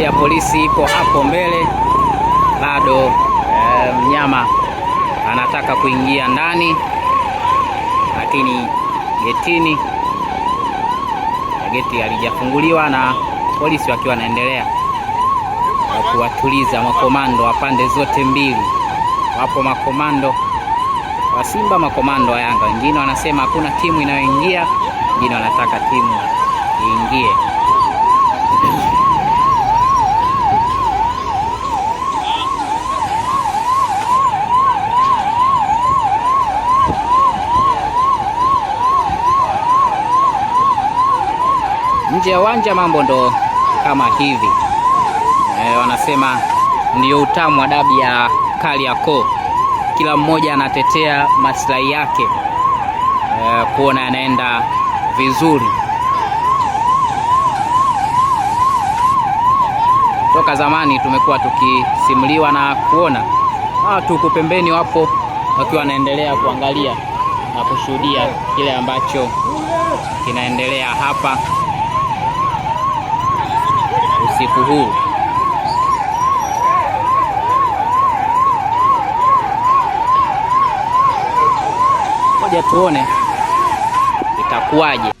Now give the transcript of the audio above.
Gari ya polisi ipo hapo mbele, bado eh, mnyama anataka kuingia ndani, lakini getini, geti halijafunguliwa na polisi wakiwa wanaendelea kuwatuliza makomando wa pande zote mbili. Wapo makomando wa Simba, makomando wa Yanga. Wengine wanasema hakuna timu inayoingia, wengine wanataka timu iingie. nje ya uwanja mambo ndo kama hivi e, wanasema ndio utamu wa dabi ya kali ya ko Kila mmoja anatetea maslahi yake e, kuona yanaenda vizuri. Toka zamani tumekuwa tukisimuliwa na kuona watu ah, huku pembeni wapo wakiwa wanaendelea kuangalia na kushuhudia kile ambacho kinaendelea hapa hii. Ngoja tuone itakuwaje.